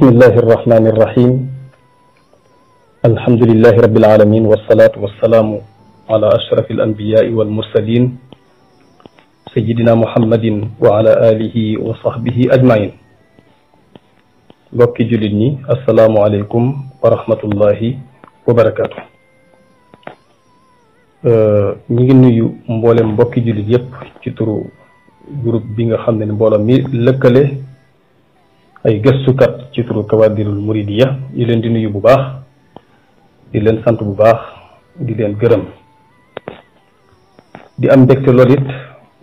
بسم الله الرحمن الرحيم الحمد لله رب العالمين والصلاة والسلام على أشرف الأنبياء والمرسلين سيدنا محمد وعلى آله وصحبه أجمعين بكي جلدني السلام عليكم ورحمة الله وبركاته آه، نيجي نيو مبولم بكي جلد يب جترو جروب بيغا خمدن ay gëstukat ci turu Kawaadirul Muridiya yi leen di nuyu bu baax di leen sant bu baax di leen gërëm di am mbégte lool it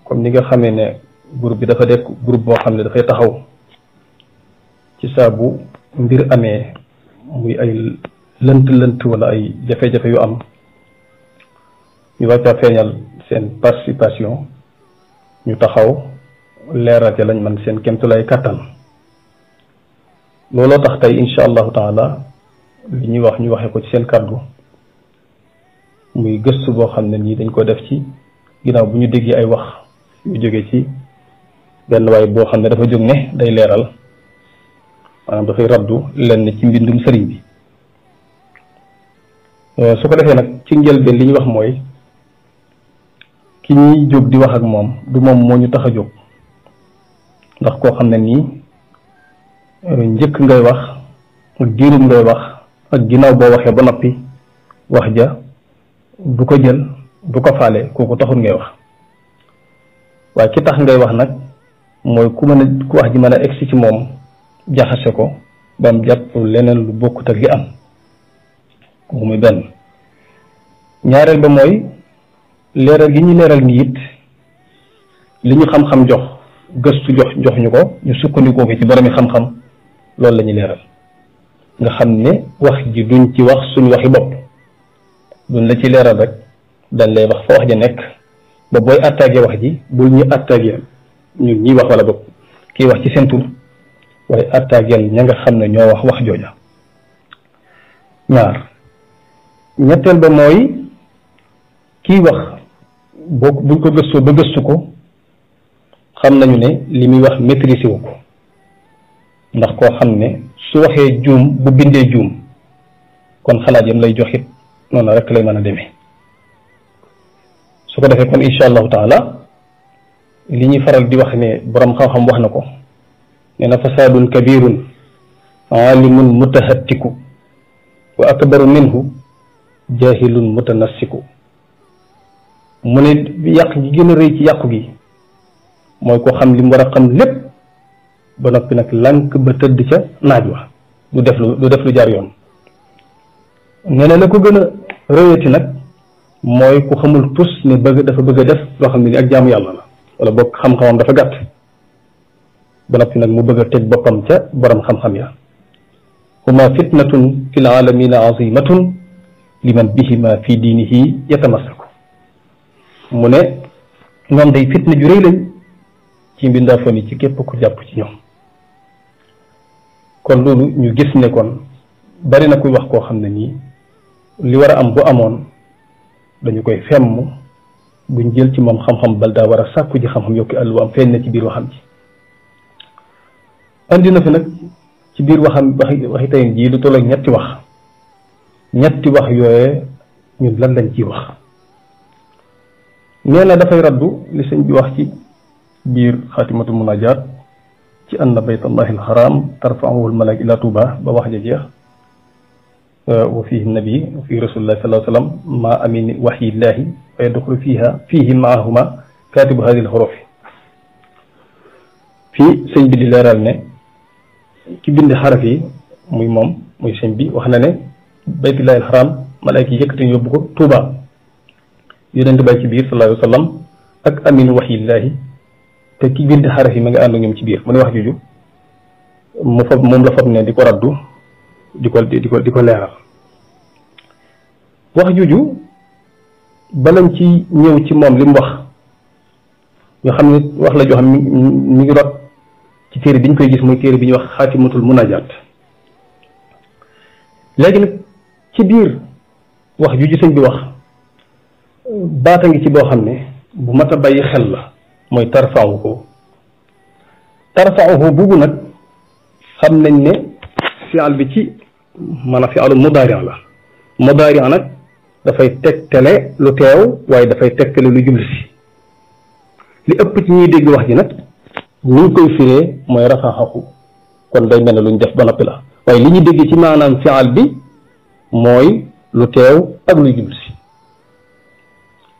comme ni nga xamee ne groupe bi dafa dekk groupe boo xam ne dafay taxaw ci saabu mbir amee muy ay lënt lënt wala ay jafe-jafe yu am ñu war feeñal seen participation ñu taxaw leeral ca lañ man seen kemtulaay kàttan looloo tax tey incha allahu taala li ñuy wax ñu waxe ko ci seen kàddu muy gëstu boo xam ne nii dañ koo def ci ginnaaw bu ñu déggee ay wax yu jóge ci benn waay boo xam ne dafa jóg ne day leeral maanaam dafay raddu lenn ci mbindum sëriñ bi euh, su ko defee nag ci njëlbeen li ñu wax mooy ki ñuy jóg di wax ak moom du moom moo ñu tax a jóg ndax koo xam ne nii njëkk ngay wax ak diirum wax ak ginnaaw boo waxee ba noppi wax ja du ko jël bu ko faale kooku taxul ngay wax waaye ki tax ngay wax nag mooy ku mën a ku wax ji mën a egsi ci moom jaxase ko ba mu jàpp leneen lu bokkut ak li am kooku muy benn ñaareel ba mooy leeral gi ñuy leeral ni it li ñu xam-xam jox gëstu jox jox ñu ko ñu sukkandikoo ko ci boromi xam-xam loolu la ñu leeral nga xam ne wax ji duñ ci wax suñ waxi bopp duñ la ci leeral rek dañ lay wax fa wax ja nekk ba booy attaqué wax ji bul ñu attaqué ñun ñuy wax wala bopp kii wax ci seen tur waaye attaqué ña nga xam ne ñoo wax wax jooja ñaar ñetteel ba mooy kii wax boo buñ ko gëstoo ba gëstu ko xam nañu ne li muy wax maîtrisé wu ko ndax koo xam ne su waxee juum bu bindee juum kon xalaat yam lay jox noonu rek lay mën a deme su ko defee kon incha allahu taala li ñuy faral di wax ne borom xam-xam wax na ko nee na fasaadun kabirun alimun mutahattiku wa akbaru minhu jahilun mutanassiku mu ne yàq gi gën a rëy ci yàqu gi mooy koo xam li war a xam lépp ba noppi nag lànk ba tëdd ca naaj wa du def lu du def lu jar yoon nee na la ko gën a rëyati nag mooy ku xamul tus ne bëgg dafa bëgg a def loo xam ne ni ak jaamu yàlla la wala boog xam-xamam dafa gàtt ba noppi nag mu bëgg a teg boppam ca borom xam ya huma fitnatun fi l alamina azimatun liman bihima fi diinihi yatamassaku mu ne ñoom day fitna ju rëy lañ ci mbindaa fon yi ci képp ku jàpp ci ñoom kon loolu ñu gis ne kon bari na kuy wax koo xam ne nii li war a am bu amoon dañu koy femm buñ jël ci moom xam-xam bal daa war a sàkku ji xam-xam yokki àll am feeñ na ci biir waxam ci andi na fi nag ci biir waxam waxi waxi tey jii lu tolloog ñetti wax ñetti wax yooye ñun lan lañ ciy wax nee na dafay raddu li sëñ bi wax ci biir xaatimatu munajaat ci anna haram tarfa'u al almalaik ila tuba ba wax ja jeex wa fihi nabi wa fi rasulillahi sallallahu alayhi wasallam ma amini wahyi wahyillahi wa yadkhulu fiha fihi maahuma katibu hadi alxuruf fii sëñ bi di leeral ne ki bind xaraf yi muy mom muy sëñ bi wax na ne baytullahi al haram yi yekati yóbbu ko tuuba yonente bay ci bir sallallahu alayhi wasallam sallam ak amin wahyillahi te ki bind xaraf yi ma ngi ànd ak ñoom ci biir mu ne wax juju mu fab moom la fab ne di ko raddu di ko di ko di ko leeral wax juju balañ ci ñëw ci moom li mu wax ñoo xam ne wax la joo xam mi ngi rot ci téere bi ñu koy gis muy téere bi ñuy wax xaatimatul munajaat léegi nag ci biir wax juju sëñ bi wax baata ngi ci boo xam ne bu mat a bàyyi xel la mooy tarfauhu tarfauhu boobu nag xam nañ ne fial bi ci maanaam fialu mudaarian la mudaarian nag dafay tegtale lu teew waaye dafay tegtale lu jublu li ëpp ci ñuy dégg wax ji nag ni ñu koy firee mooy rafaxahu kon day mel ne lu ñu def ba noppi la waaye li ñu dégg ci maanaam fial bi mooy lu teew ak lu jublu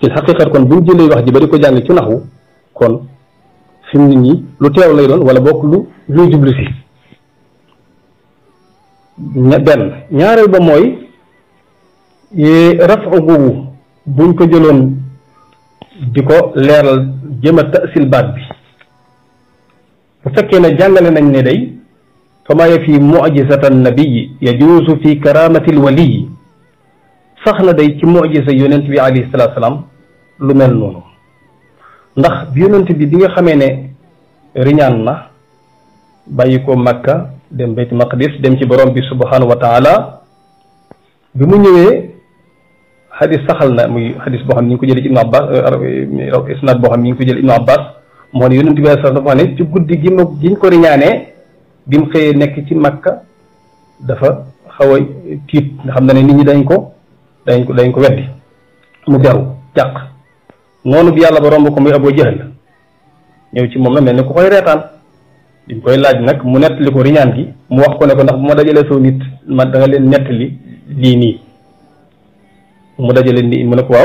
si ci kon bu ñu jëlee wax ji ba di ko jàng ci naxwu kon fi mu ne lu teew lay doon wala bokk lu luy jublu si benn ñaareel ba mooy rafu googu buñ ko jëloon di ko leeral jëm a tasil baat bi bu fekkee ne jàngale nañ ne day fama ye fi mujisata nabiyi yajuusu fi karamati lwaliyi sax na day ci mujisa yonent bi alayhi salaam lu mel noonu ndax yonent bi bi nga xamee ne riñaan na bàyyi ko makka dem bayt maqdis dem ci borom bi subhanahu wa taala bi mu ñëwee hadis saxal na muy hadis boo xam ni ngi ko jëlee ci ibnu abbas euh, isnad boo xam ni ngi ko jëlee ibnu abbas moo ne yonent bi sa dafa ne ci guddi gi ma giñ ko riñaanee bi mu xëyee nekk ci makka dafa xaw a tiit nga xam na ne nit ñi dañ ko dañ ko dañ ko weddi mu jaru jàq noonu bi yalla borom ko muy abo Jahal ñew ci mom la melni ku koy reetaan di koy laaj nak mu nettali ko riñan gi mu wax ko ne ko ndax buma dajale so nit ma da nga len nettali lii ni mu dajale ni mu ne ko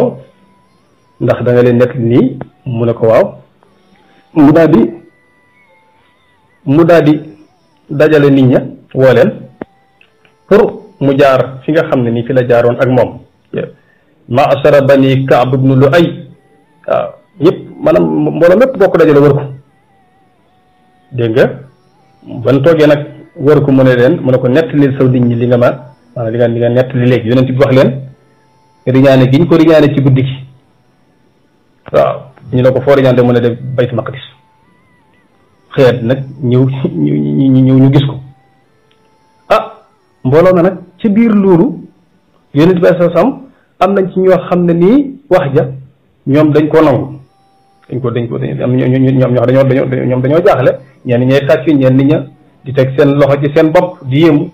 ndax da nga len nettali ni mu ne ko mu dadi mu dadi dajale nit ña wolen pour mu jaar fi nga xam ni fi la jaaroon ak ya. ma asara bani ka'b ibn lu'ay waaw ñëpp maanaam mbooloo mépp boo ko dajale wër ko dégg nga hmm. ban toogee nag wër ko mu ne leen mu ne ko nettali saw nit ñi li nga ma maanaam li nga li nga nettali léegi yonent bi wax leen riñaane gi ñu ko riñaane ci guddi gi waaw ñu ne ko foo riñaane mu a de baytu maqdis xëyat nag ñëw ñu ñu ñu gis ko ah mbooloo na nag ci biir loolu yonent bi sam am nañ ci ñoo xam ne nii wax ja ñoom dañ koo nangu dañ ko dañ ko dañ am ñoom ñoo dañoo dañoo ñoom dañoo jaaxle ñenn ñay tàcc ñenn ña di teg seen loxo ci seen bopp di yéemu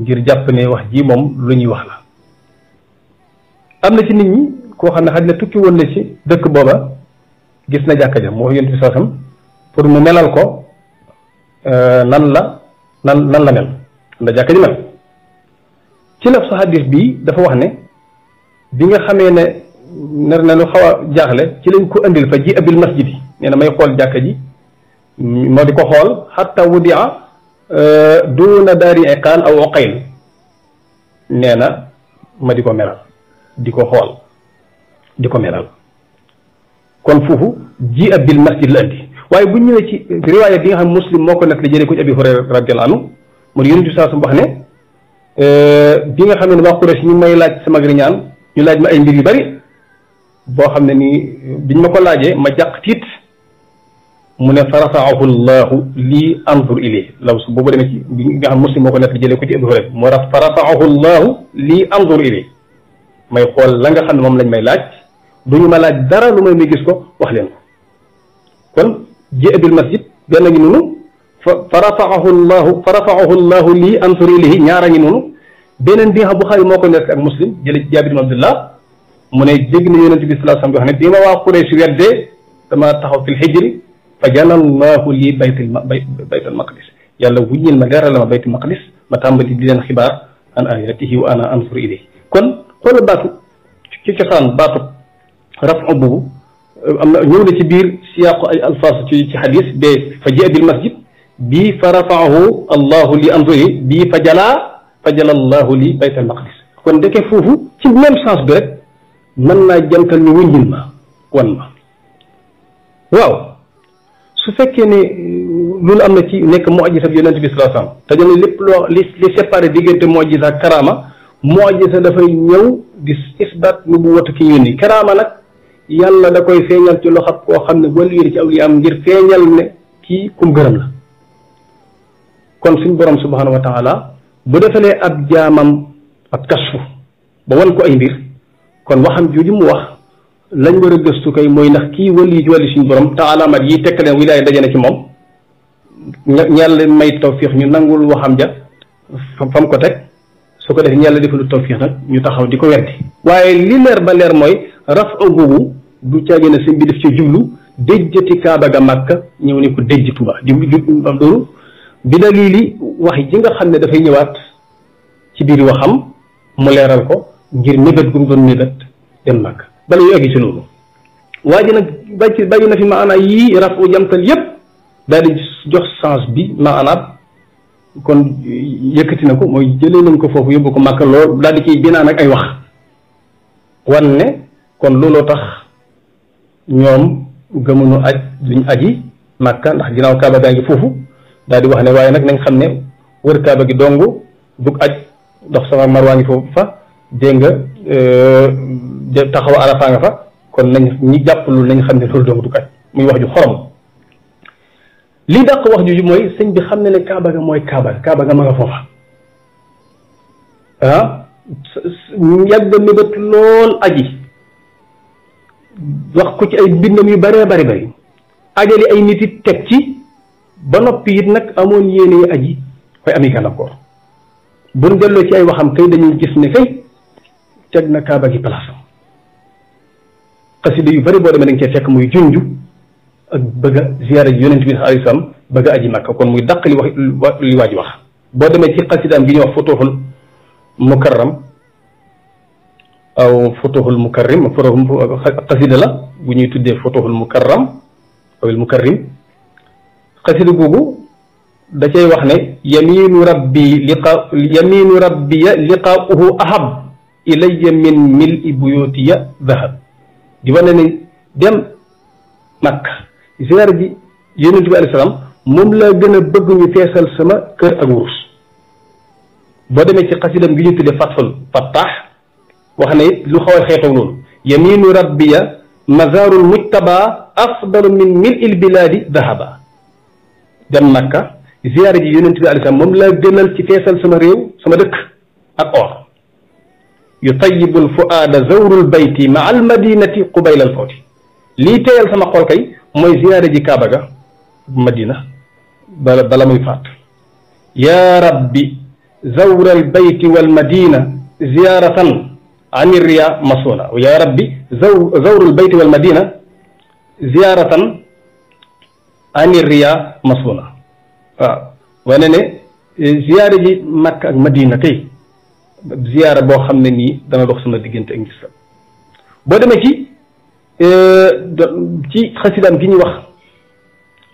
ngir jàpp ne wax ji moom lu ñuy wax la. am na ci nit ñi koo xam ne xaj na tukki woon na ci dëkk booba gis na jàkka ja moo yonent bi soosam pour mu melal ko euh, nan la nan nan la mel nda jàkka ji mel ci naf sa hadis bi dafa wax ne bi nga xamee ne. nar na nu xaw a jaaxle ci lañ ko andil fa ji abil masjid yi may xool jàkka ji moo di ko xool xatta wudia euh, duuna daari iqaan aw oqayl nee na ma di ko meral di ko xool di ko meral kon foofu ji abil masjid la andi waaye bu ñu ñëwee ci riwaaya bi nga xam muslim moo ko nekk li jëlee ko ci abi hurayra radiyallahu anhu mu yonent bi saa su wax ne euh, bi nga xam ne waa Quraysh ñu may laaj sama ñaan ñu laaj ma ay mbir yu bari boo xam ne nii biñ ma ko laajee ma jaq tiit mu ne farafaahu llahu lii anzur ilay boobu demee ci bi nga xam nekk jëlee ko ci Abu Hurayra mu raf lii anzur ilay may xool la nga xam ne moom lañ may laaj du ñu ma laaj dara lu may muy gis ko wax leen ko kon jee bil masjid benn ngi noonu fa farafaahu llahu farafaahu llahu lii anzur ilay ñaara ngi noonu beneen bi nga xam Buxaari moo ko nekk ak muslim jële ci Jaabir ibn Abdullah mu ne dégg na yonente bi salaa sallam yoo xam ne dina waa Quraysh weddee dama taxaw fil xijri fa jalallahu lii baytul baytul maqdis yàlla wuññil ma leeral ma baytul maqdis ma tàmbali di leen xibaar an ayatihi wa ana ansur ilayhi kon xoolal baatu ci cosaan baatu rafu boobu am na ñëw na ci biir siyaaqu ay alfaas ci ci xadis be fa jia bil masjid bii fa rafaahu allahu li ansuri bii fa jalaa fa jala allahu li baytul maqdis kon ndeke foofu ci même sens bi rek man naa jantal ñu wëññil ma wan ma waaw su fekkee ni ne mm, loolu am na ci nekk mojisa bi yonent bi sallallahu alayhi wasallam te ñoom lépp loo li li séparé diggante mojisa ak karaama mojisa dafay ñëw di isbat nu bu watu ki yónni karaama nag yàlla da koy seeñal ci loxo koo xam ne wàllu ci aw li am ngir seeñal ne kii kum gërëm la kon suñ borom subhanahu wa taala bu defalee ab jaamam ab kasfu ba wan ko ay mbir kon waxam jooju mu wax lañ wara a gëstu kay moy nak ki wali ci wali suñu borom te mat yi tekk leen wilaay daje na ci ñal ñàlla may tawfiq ñu nangul waxam ja fam ko tek su ko ñal defu lu tawfiq nak ñu taxaw di wéddi waye li leer ba leer moy raf googu du caagi na seen bi def ci jublu déjjati kaaba ga makka ñew ni ko tuba di am do bi dalili wax ji nga xamne da fay ñewat ci biir waxam mu leral ko ngir nebet gum doon nebet dem mak ba lay yegi ci loolu waaji nag bàyyi bàyyi na fi maana yi rafu jamtal yeb dal jox sens bi maana kon yekati na moy jele nañ ko fofu yóbbu ko màkka lool dal di ciy binaa nag ay wax wonne ne kon looloo tax ñom gëmunu aj duñ aji makka ndax ginaaw kaaba da nga fofu dal di wax ne waye nak nañ xamne ne wër kaaba gi dongu duk aj dox sama marwa ngi fofu fa dégg nga euh, taxaw arafaa nga fa kon nañ ñi jàppalul nañ xam ne loolu dong du muy wax ju xorom li dàq wax ju mooy sëñ bi xam ne ne kaaba ga mooy kaaba kaaba ma nga foofa ah yàgg mébét lool aji wax ko ci ay bindam yu bëree bëri bëri ajali ay nit it teg ci ba noppi it nag amoon yéene aji koy ami gàllankoor buñ delloo ci ay waxam kay dañuy gis ne kay teg na kaaba gi palaasam xasida yu bari boo demee da nga cee fekk muy junj ak bëgg a ziyaara ji yonent bi alayhi salaam bëgg aji màkka kon muy daq li wax waaj wax boo demee ci xasidaam gi ñuy wax futuxul mukarram aw futuxul mukarrim xasida la bu ñuy tuddee futuxul mukarram awil mukarrim xasida googu da wax ne yaminu rabbi liqa yaminu rabbiya liqaauhu ahab إلي من ملء بيوتي ذهب ديوانني دم مكة زيار بي يونس عليه السلام موم لا غنا بغ ني فيسال سما كير اك ورس با ديمي سي قصيدم بي ني تدي فتحل فتح وخني لو خاوي خيتو نون يمين ربي مزار المتبى افضل من ملء البلاد ذهبا دم مكة زيار يونس عليه السلام موم لا غنال سي فيسال سما يطيب الفؤاد زور البيت مع المدينة قبيل الفوت لي تيال سما خول كاي موي زياره جي كابا مدينه بلا موي فات يا ربي زور البيت والمدينة زيارة عن الرياء مصونة ويا ربي زور, البيت والمدينة زيارة عن الرياء مصونة آه، ونني زيارة مكة مدينة تي ziyaara boo xam ne nii dana dox sama diggante ak ngis la boo demee ci euh, ci xasidaam gi ñuy wax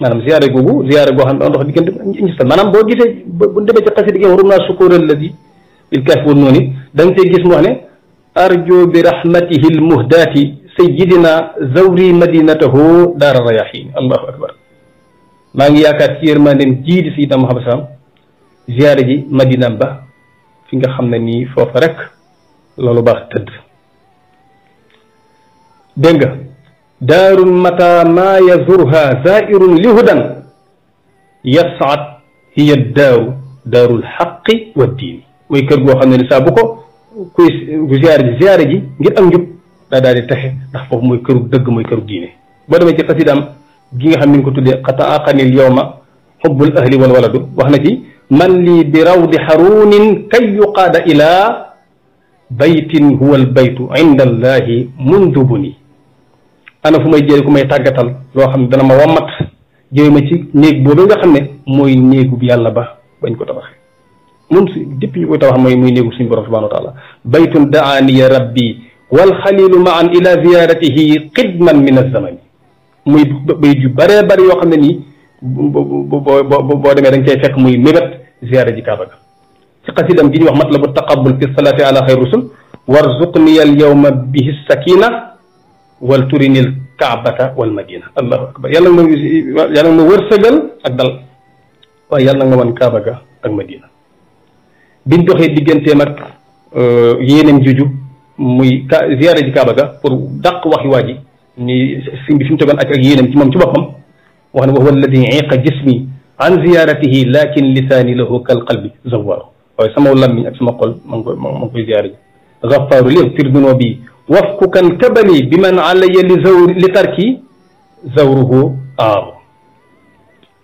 maanaam ziyaara googu ziyaara goo xam ne dana dox diggante ngis la maanaam boo gisee bu demee ci xasida gi warum naa sukkural la di bil kaaf woon noonu da nga cee gis mu wax ne arjo bi rahmatihi l muhdaati sayidina zawri madinatahu daara rayahin allahu akbar maa ngi yaakaar ci yërmandeem jii di sayidina Muhammad salaam ziyaara ji madinaam ba fi nga xam ne nii foofa rek loolu baax tëdd dégg nga daarun mata maa yazurha zairun li hudan yasaat hiya daaw daarul xaqi wa diini mooy kër goo xam ne ni saa bu ko kuy ziyaare ji ziyaare ji ngir ak njub daa daal di texe ndax foofu mooy këru dëgg mooy këru diine boo demee ci xasidaam gi nga xam ni nga ko tuddee xata aqanil yowma xubbul ahli wal waladu wax na ci من لي بروض حرون كي يقاد إلى بيت هو البيت عند الله منذ بني أنا في مجالكم أي تاجتال لو خم دنا ما ومت جاي مشي نيك بوبي لو خم موي نيك بيا الله با بين كتبه من دبي كتبه موي موي نيك سين بروف بانو تالا بيت دعاني يا ربي والخليل معا إلى زيارته قدما من الزمن موي بيجو بري بري لو خم ني بو بو بو بو بو بو بو بو بو زياره دي كابا في قصيده دي مطلب التقبل في الصلاه على خير الرسل وارزقني اليوم به السكينه ولترني الكعبه والمدينه الله اكبر يلا يلا ورسل اقدل ويلا من كابا المدينه بين دوخي ديغنتي مك أه، يينم جوجو موي زياره دي كابا pour دق وحي واجي ني سيمبي فيم تبان اك يينم تي موم تي بوبام وخنا هو الذي عيق جسمي an ziyaaratihi lakin lisaani lahu kal qalbi zawaaru waaye sama lammiñ ak sama xol ma ngi koy ma ngi koy ziyaare ji gaffaaru li tir dunoo bi wafku kan kabali bi man alaya li zawr li tarki zawruhu aaru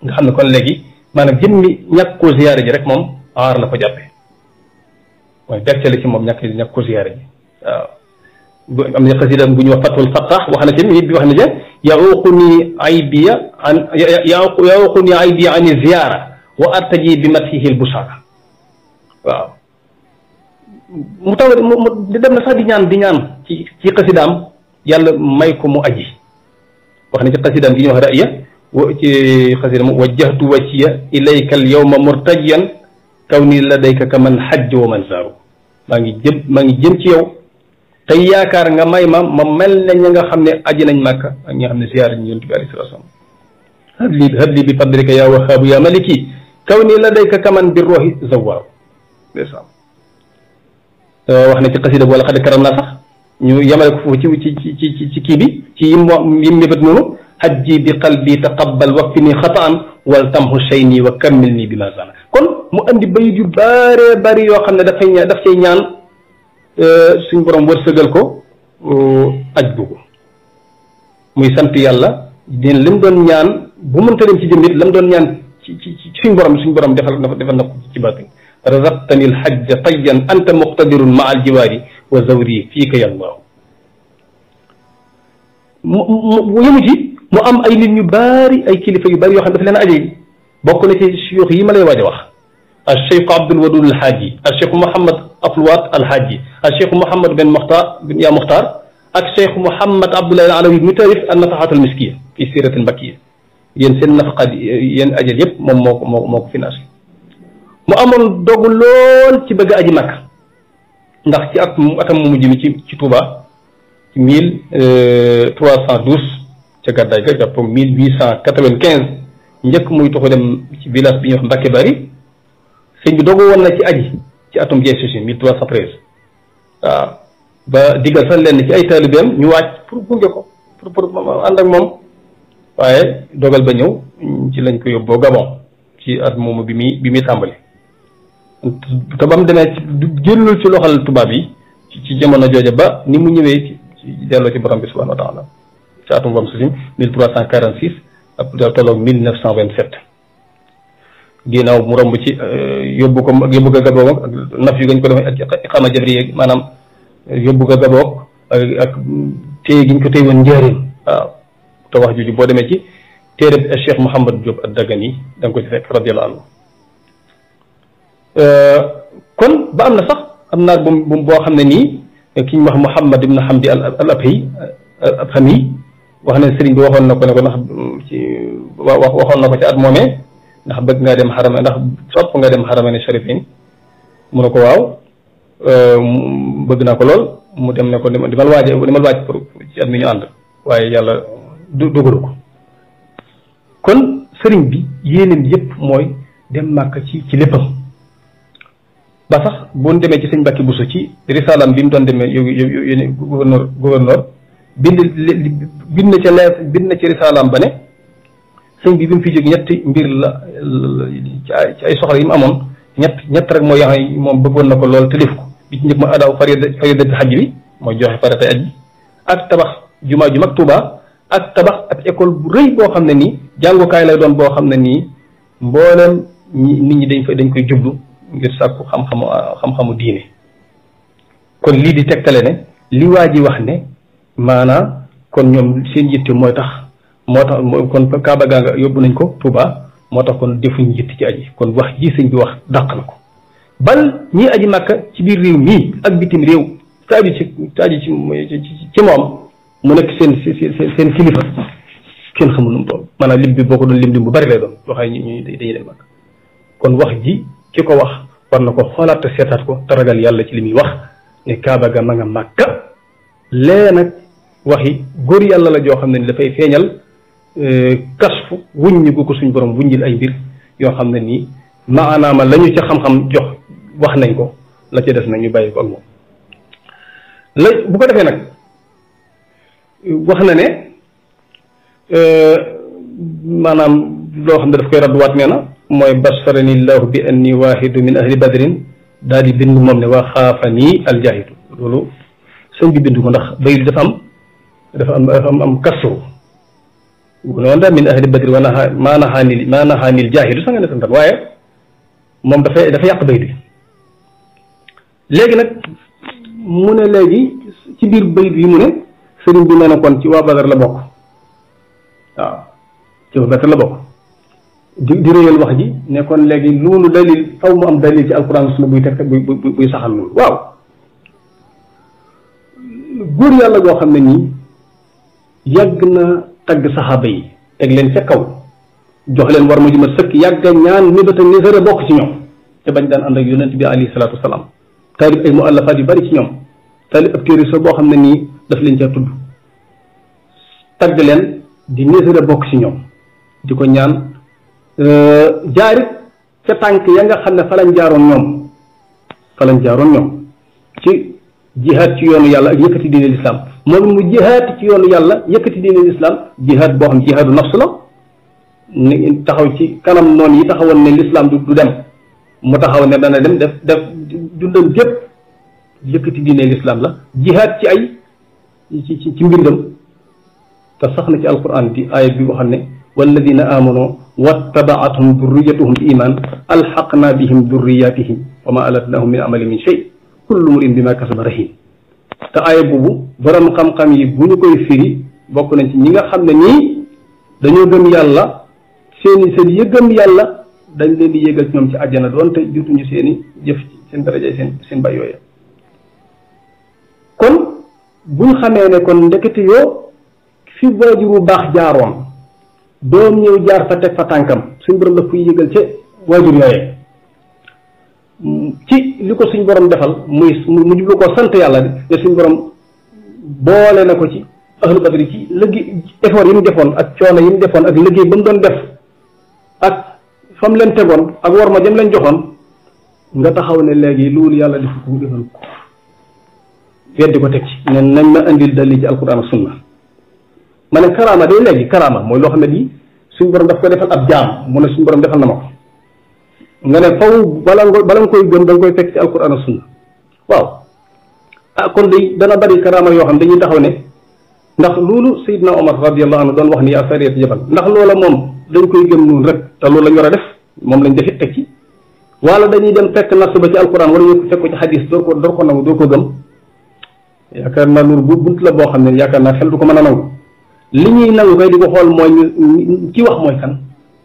nga xam ne kon léegi maanaam jëmmi ñàkk koo ziyaare ji rek moom aar la ko jàppe mooy berte la ci moom ñàkk ñàkk ko ziyaare ji waaw من قصيدة بني وفات الفقاح وحنا كم يبي وحنا جن يأوقني عيبي عن يأوقني عيبي عن الزيارة وأرتجي بمتيه البشارة متوجه دم نصاب نعم- دينان نعم. دينان كي قصيدة يال ما يكون مؤجي وحنا جن قصيدة بني وهذا إياه وقصيدة وجهت وجهي إليك اليوم مرتجيا كوني لديك كمن حج ومن زار ما يجيب ما يجيب tey nga may ma ma mel ne ña nga xamne aji nañ màkka ak nga xamne ne ziyaar ñu yonent bi alayhi salaatu salaam hadli hadli bi fadlika yaa wahaabu ya maliki kawni ladayka la dayka kaman bi ruuhi zawaaw ndeysaan wax na ci qasida wala khad karam la sax ñu yamal ko foofu ci ci ci ci ci ki bi ci yim mébét nonu hajji bi qalbi taqabbal waffini khata'an wal tamhu shayni wa kammilni bima zana kon mu andi bayu ju bare bare yo xamne da fay da fay ñaan suñ borom wërsëgal ko aj bugu muy sant yàlla dina lim doon ñaan bu mënta dem ci jëm nit lam doon ñaan ci ci ci suñ borom suñ borom defal na defal na ko ci bàttin razaqtani alhajja tayyan anta muqtadirun ma al jiwaari wa zawri fiika yallahu mu yëmu ci mu am ay nit ñu baari ay kilifa yu baari yoo xam ne dafa leen ajee bokk na ci suyuux yi ma lay waaj a wax الشيخ عبد الودود الحاجي الشيخ محمد أفلوات الحاجي الشيخ محمد بن مختار بن يا مختار الشيخ محمد عبد الله العلوي متعرف النفحات المسكية في سيرة المكية ينسل نفقة ين أجل يب موقف في ناس مؤمن دوغلول تي بغا اجي مكه ناخ تي اك اتام مومو جيمي تي توبا 1312 تي غداي جا 1895 نيك موي توخو دم تي فيلاج بي نخ مباكي باري sëñ bi doogu woon na ci aji ci atum jeexu 1313 waaw ba diggal sax lenn ci ay taalibeem ñu wàcc pour gunge ko pour pour ànd ak moom waaye dogal ba ñëw ci lañ ko yóbboo Gabon ci at moom bi muy bi muy tàmbali te ba mu demee génnul ci loxol tubaab yi ci jamono jooja ba ni mu ñëwee ci delloo ci borom bi subhanahu wa taala ci atum bam susim 1346 ab da tolloog 1927 ginaaw mu romb ci yóbbu ko ak yóbbu ko gaboog ak naf yu gën ko def ak iqaama jabri maanaam yóbbu ko gaboog ak téye giñ ko téye woon njëriñ waaw te wax juju boo demee ci téereb Cheikh Mouhamad Diop ad-Dagani da nga ko ci fekk radiyallahu anhu kon ba am na sax am naar bu bu boo xam ne nii ki ñu wax Mouhamad ibn Hamdi al al abhi al xam yi wax ne sëriñ bi waxoon na ko ne ko ndax ci waxoon na ko ci at moomee ndax bëgg ngaa dem xarama ndax sopp nga dem xarama ne sharifin mu ne ko waaw euh, bëgg naa ko lool mu dem ne ko dimal waaje dimal waaj pour ci at mi ñu ànd waaye yàlla du dugalu ko kon sëriñ bi yéeneen yépp mooy dem màkk ci ci léppam ba sax bu ñu demee ci sëñ Mbàkke Buso ci risaalam bi mu doon demee yow yow gouverneur gouverneur bind bind na ca leer bind na ci risaalam ba ne sëñ bi bi mu la ci ay soxla yi mu amoon ñett ñett rek mooy moom bëggoon na ko lool te def ko bi ci njëkk ma adaaw xaj bi mooy joxe faratay aj bi ak tabax jumaa ju mag Tuuba ak tabax ak école bu rëy boo xam ne nii jàngukaay lay doon boo xam ne nii mbooleem nit ñi dañ dañ koy jublu ngir sàkku xam-xamu diine kon lii di tegtale ne li waa wax ne maanaa kon ñoom seen yitte mooy tax moo tax kon Kaaba gaa nga yóbbu nañ ko Touba moo tax kon defuñ njiit ci aji kon wax ji sëñ bi wax dàq na ko bal ñii aji màkka ci biir réew mii ak bitim réew taaju ci taaju ci ci moom mu nekk seen seen kilifa kenn xamul nu mu toll maanaam lim bi boo ko doon lim lim bu bari lay doon waxaay ñu ñu dañuy dem màkk kon wax ji ki ko wax war na ko xoolaat te seetaat ko te ragal yàlla ci li muy wax ne Kaaba ga ma nga màkka lee nag waxi góor yàlla la joo xam ne ni dafay feeñal Euh, kasfu wuññigu ko suñ borom wuññil ay mbir yoo xam ne nii maanaama la ñu ca xam-xam jox wax nañ ko la ca def nag ñu bàyyi ko ak moom la bu ko defee nag wax na ne euh, maanaam loo xam ne daf koy radduwaat nee na mooy basfarani llahu bi anni waahidu min ahli badrin daal di bind moom ne waa xaafanii aljahidu loolu sëñ bi bind ko ndax bayit dafa am dafa am am am noonu min ahli badri wa naxa maa naxaanil maa naxaanil jaahilu sa nga ne santal waaye moom dafay dafa yàq bayt bi léegi nag mu ne léegi ci biir bayt yi mu ne sëriñ bi nee na kon ci waa Badar la bokk waaw ci waa Badar la bokk di di réyal wax ji ne kon léegi loolu dalil faw mu am dalil ci alquran sunna buy teg buy buy saxal loolu waaw góor yàlla goo xam ne nii yàgg na tag sahaba yi tag leen ca kaw jox leen war ma ji ma sëkk yàgg ñaan ni nisara bokk ci ñoom te bañ daan ànd ak yonent bi alayhi salaatu wasalaam taalib ay muallafat yu bari ci ñoom taalib ab téere sa boo xam ne nii daf leen caa tudd tagg leen di nisara bokk ci ñoom di ko ñaan euh, jaari ca tànk ya nga xam fa lañ jaaroon ñoom fa lañ jaaroon ñoom ci ci yoonu yàlla ak yëkkati diine moom mu jihaat ci yoonu yàlla yëkkati diine lislaam jihaat boo xam jihaatu nafs la ni taxaw ci kanam noonu yi taxawoon ne lislaam du du dem mu taxaw ne dana dem def def dundam gépp yëkkati diine lislaam la jihaat ci ay ci ci ci mbindam te sax na ci alquran di aaya bi waxam ne walladina amanu wattabaathum durriyatuhum iman alxaqna bihim durriyatihim wa ma alatnahum min amali min shay kullu murin bima kasaba rahim te aaya boobu borom xam-xam yi bu ñu koy firi bokk nañ ci ñi nga xam ne nii dañoo gëm yàlla seeni seen yë gëm yàlla dañ leen di yégal ci ñoom ci àjjana doon te jotuñu seeni jëf seen darajay seen bay yooya kon buñ xamee ne kon ndekete yoo fi waajur bu baax jaaroon doom ñëw jaar fa teg fa tànkam suñ borom daf koy ci waajur yooye ci li ko suñ borom defal muy mu jublu ko sant yàlla bi ne suñ borom boole na ko ci ahlu badri ci liggéey effort yi mu defoon ak coono yi mu defoon ak liggéey ba mu doon def ak fam leen tegoon ak war ma jëm leen joxoon nga taxaw ne léegi loolu yàlla defu ko defal ko weddi ko teg ci ne nañ ma indil dalil ma ne karaama day léegi loo xam ne ko defal ab jaam mu ne suñ defal na ma ko nga ne faw bala nga bala koy gëm da koy fekk ci alquran sunna waaw ah kon day dana bari karaama yoo xam dañuy taxaw ne ndax loolu Seydina Omar radiyallahu anhu doon wax ni yaa sariyat jabal ndax loola moom dañ koy gëm noonu rek te loolu lañ war a def moom lañ def it teg wala dañuy dem fekk nas ba ci alquran wala ñu fekk ko ci xadis door ko door ko nangu doo ko gëm yaakaar naa loolu bunt la boo xam ne yaakaar naa xel du ko mën a nangu li ñuy nangu kay di ko xool mooy ñu ki wax mooy kan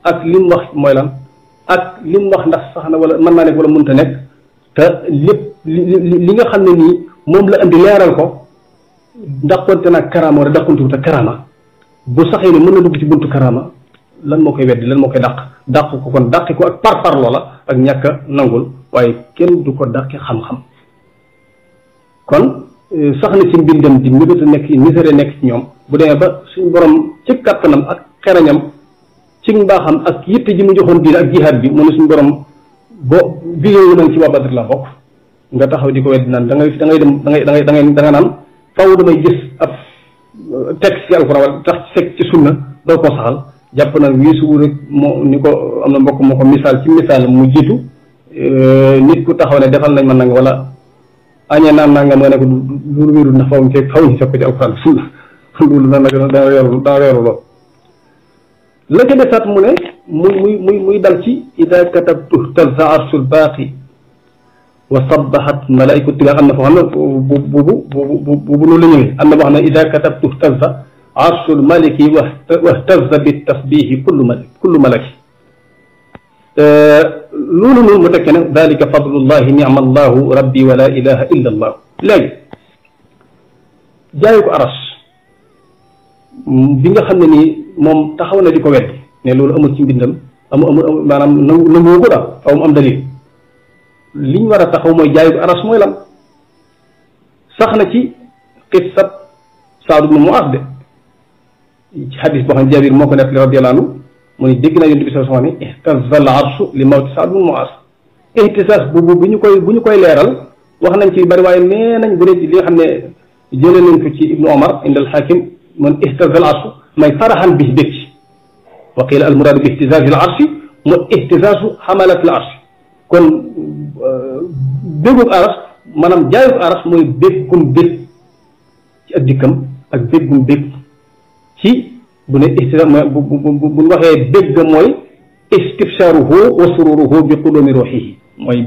ak li mu wax mooy lan ak li mu wax ndax sax na wala mën naa nekk wala mënta nekk te lépp li nga xam ne nii moom la indi leeral ko dàqonte nag karaama wala dàqonte wut ak karaama bu saxee ne mën na dugg ci buntu karaama lan moo koy weddi lan moo koy daq dàq ko kon dàq ko ak par par loola ak ñàkk a nangul waaye kenn du ko dàqi xam-xam kon euh, sax na ci mbindam di mébét a nekk miséré nekk ci ñoom bu demee ba suñu borom ci kattanam ak xerañam Sing baxam ak yitte ji mu joxon diine ak jihad bi mo ne suñu borom bo diine nañ ci wa badr la bok nga taxaw di ko wedd tangai da ngay da ngay dem da ngay da ngay da ngay da nga faaw damay gis ab text ci alcorane wala tax sek ci sunna do ko saxal japp na wii suwu rek mo niko amna mbokk moko misal ci misal mu euh nit ku taxaw ne defal nañ man nang wala añee nan nang nga ne ko lu wiru na faaw ci fekk ci alcorane sunna loolu da nga da yoru da yoru lo لكن لسات موني موي موي موي موي دالتي اذا كتبت اهتز عرش الباقي وصبحت ملائكة تبقى أن فهنا بو بو بو أن إذا كتبت اهتز عرش الملك واهتز بالتسبيح كل ملك كل ملك لولو من متكنا ذلك فضل الله نعم الله ربي ولا إله إلا الله لا جايك أرش بيغا خاندي moom taxaw na di ko weddi ne loolu amul ci mbindam amu amul maanaam nangu nanguwu ko daal aw mu am dalil liñ war a taxaw mooy jaayu aras mooy lan sax na ci qissat Saad mu Muaaz de ci xadis boo xam ne moo ko nekk li radiyallaahu anhu mu ne dégg naa Yonent bi sallallahu alayhi wa sallam ne ihtazza al-arshu li mawti Saad ibn Muaaz ihtisaas bu ñu koy bu ñu koy leeral wax nañ ci bari waaye nee nañ bu dee li nga xam ne jëlee nañ ko ci Ibnu Omar inda al-Hakim man ihtazza may faraxan bis bég ci al muraadu bi ihtizaaz al arshi mooy ihtizaazu xamalat al arshi kon béggub euh, aras maanaam jaayub aras mooy béggum bég ci ak dikkam ak béggum bég ci bu ne ihtizaaz mooy bu mooy istifsaaruhu wa sururuhu bi qudoomi ruuxihi mooy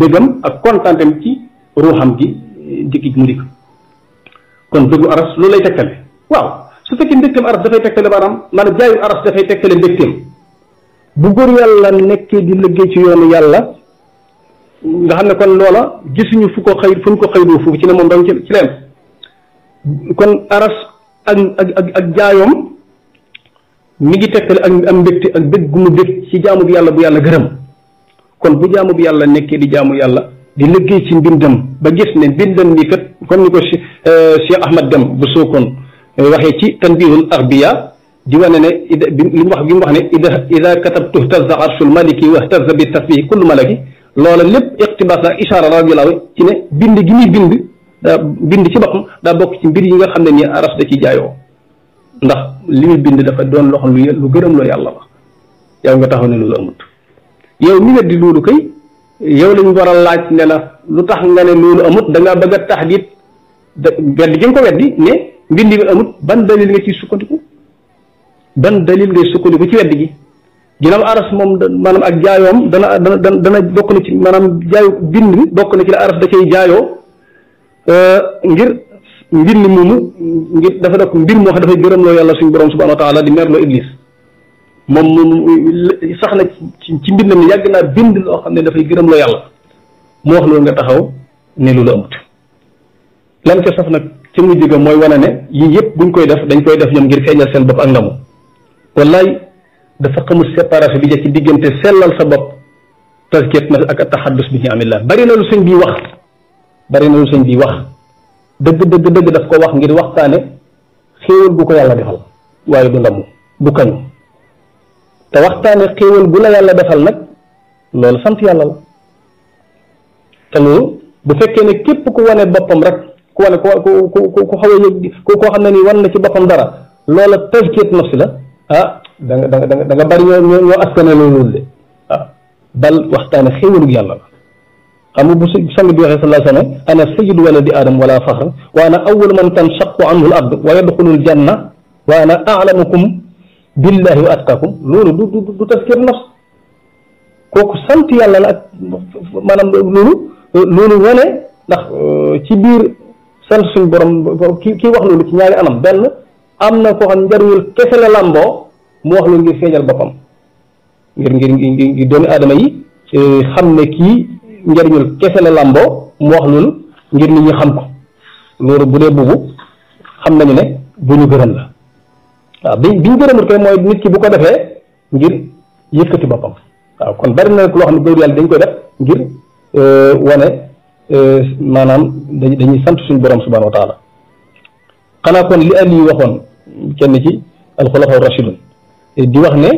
béggam ak kontaanteem ci ruuxam gi dikki mu dikk kon béggu aras loolu lay tegtale waaw su fekkee mbégteem araf dafay tegtale maanaam maanaam jaayum araf dafay tegtale mbégteem bu góor yàlla nekkee di liggéey ci yoonu yàlla nga xam ne kon loola gisuñu fu ko xëy fu ñu ko xëyloo fu ci ne moom dong ci ci leen kon aras ak ak ak jaayoom mi ngi tegtale ak am mbégte ak bég gu mu bég ci jaamu bi yàlla bu yàlla gërëm kon bu jaamu bi yàlla nekkee di jaamu yàlla di liggéey ci mbindam ba gis ne mbindam mi kat comme ni ko Cheikh Ahmad dem bu sookoon waxee ci tanbihul arbiya di wane ne li mu wax bi mu wax ne ida ida katabtu htaza arshul maliki wa htaza bi tasbih kullu malaki loola lépp iqtibas la ishaara la radiyallahu ci ne bind gi muy bind daa bind ci boppam daa bokk ci mbir yi nga xam ne nii aras da ci jaayoo ndax li muy bind dafa doon loo xam lu lu gërëm loo yàlla la yow nga taxaw ne loolu amut yow mi weddi loolu kay yow lañ war a laaj ne la lu tax nga ne loolu amut da ngaa bëgg a tax dit weddi gi nga ko weddi ne mbind mi amut ban dalil nga ciy sukkandiku ban dalil ngay sukkandiku ci wedd gi ginnaaw aras moom maanaam ak jaayoom dana dana dana bokk na ci maanaam jaayu bind mi bokk na ci la aras da cay jaayoo euh, ngir mbir mi moomu ngir dafa dok mbir moo xam dafay loo yàlla suñu borom subhanahu wa taala di merloo iblis moom moom sax na ci mbind ne yàgg naa bind loo xam ne dafay gërëm gërëmloo yàlla moo wax loolu nga taxaw ne loolu amut lan saf nag ci mujj ga moy wonane yi yep buñ koy def dañ koy def ñoom ngir feñal seen bop ak ndamu wallaay dafa xamul séparation bi ja ci digënté sellal sa bop tazkiyat nafs ak tahaddus bi ni'amillah bari na lu señ bi wax bari na lu señ bi wax deug deug deug daf ko wax ngir waxtane xéewal bu ko yalla defal waye du ndam du kañ ta waxtane xéewal bu la yalla defal nak lolu sant yalla la tanu bu fekkene kep ku wane rek ku wane ku ku ku ku xaw a yëg koo xam ne nii wan na ci boppam dara loola tazkiyat nafsi la ah da nga da nga da nga bëri ñoo ñoo ñoo askane loolu de waaw bal waxtaane xéewalug yàlla la xam nga bu sang bi waxee sallallahu alayhi wa sallam ana sayyidu waladi aadam wala faxr wa ana awwalu man tanshaqqu anhu al ard wa yadxulu al janna wa ana a'lamukum billahi wa atqakum loolu du du du tazkiyat nafs kooku sant yàlla la ak maanaam loolu loolu wane ndax euh, ci biir sent suñu borom ki kii wax loolu ci ñaari anam benn am na koo xam njariñul kese la làmboo mu wax loolu ngir aadama yi xam ne kii njariñul kese la làmboo mu wax ngir nit ñi xam ko loolu bu dee boobu xam nañu ne bu ñu gërëm la waaw bi bi ñu gërëmul kay mooy nit ki bu ko defee ngir yëkkati boppam waaw kon bari na loo xam ne góor yàlla dañ koy def ngir euh, wane maanaam dañuy sant suñu borom subhanahu wa taala xanaa kon li Ali waxoon kenn ci alxulafa rachidun di wax ne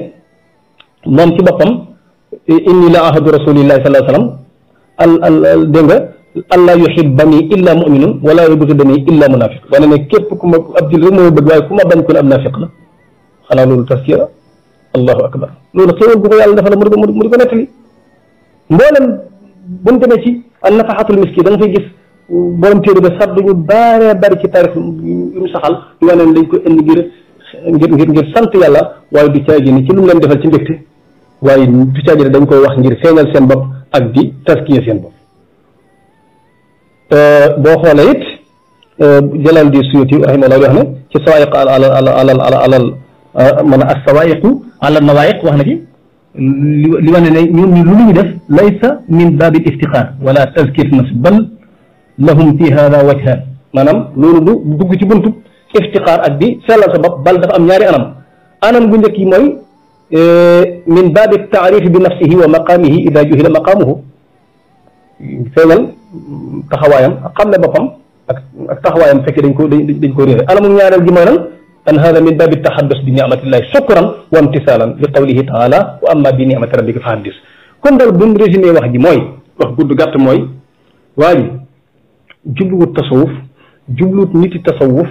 moom ci boppam inni la ahadu rasulillahi sallallahu alayhi wasallam al al dégg nga allah yuhibbani illa muminun wala yubghidani illa munafiq wane ne képp ku ma ab jil rek moo bëgg waaye ku ma bañ ko ne ab nafiq la xanaa loolu taskira allahu akbar loolu xéewal bu ko yàlla dafa la mu di ko mu di ko nettali mboolem buñ demee ci النفحات المسكين دنج في جس بونتير بس هاد دنج بارا بارا كتار مسحال يعني اللي يكو انجير انجير انجير انجير سنت يلا واي بيتاجي نكلم لين دفع تنجك تي واي بيتاجي دنج كوا انجير فينال سينباب اجدي تركيا سينباب اه، بوخوليت اه، جلال دي سيوتي رحمه الله رحمه كسوائق على على على على على على من السوائق على النوائق وهنا ليس من باب الافتقار ولا تزكية النفس بل لهم في هذا وجهة مانام لولو دوغ سي بنتو افتقار ادي سلا سبب بل دا ام نياري انام انام بو نيكي موي من باب التعريف بنفسه ومقامه اذا جهل مقامه فعلا تخوايام خامل بوبام اك تخوايام فكي دنجكو دنجكو ريري انام نياري جي مانام an hada min babi taxaddus bi niamatillahi shukran wa imtisalan li qawlihi taala wa amma bi niamati rabbika fa haddis kon daal bu ñu résumé wax ji mooy wax gudd gàtt mooy waa ji jubluwut tasawuf jubluwut niti tasawuf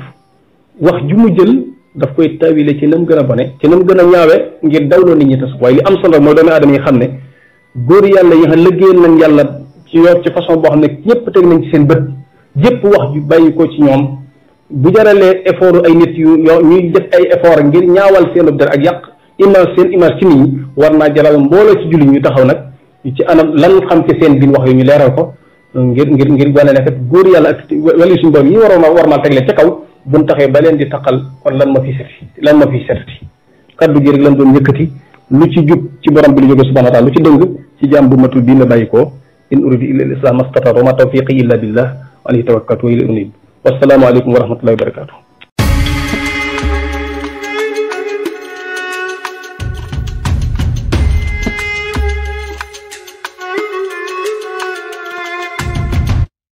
wax ju mu jël daf koy tawile ci nam gën a bone ci nam gën a ñaawe ngir dawloo nit ñi tasawuf waaye li am solo mooy doomi aadama yi xam ne góor yàlla yi nga liggéeyal nañ yàlla ci yoon ci façon boo xam ne ñëpp teg nañ ci seen bët yépp wax ju bàyyi ko ci ñoom bu jaralee effort ay nit yu yoo ñuy def ay effort ngir ñaawal seen der ak yàq image seen image ci nit ñi war naa jaral mbooloo ci julli ñu taxaw nag ñu ci anam lan xam ci seen biir wax yu ñu leeral ko ngir ngir ngir wane ne góor yàlla ak wala suñu borom yi waroon a war naa tegle ca kaw buñ taxee ba leen di taqal kon lan ma fi seeti lan ma fi seeti kaddu gi rek lan doon yëkkati lu ci jub ci borom bi lu jóge subhanahu wa taala lu ci dëng ci jaam bu matul bii ma bàyyi ko in uridi illa al islam astatato ma tawfiqi illa wa ilayhi unib wasalaamaaleykum wa rahmatullahi wa barakaatu.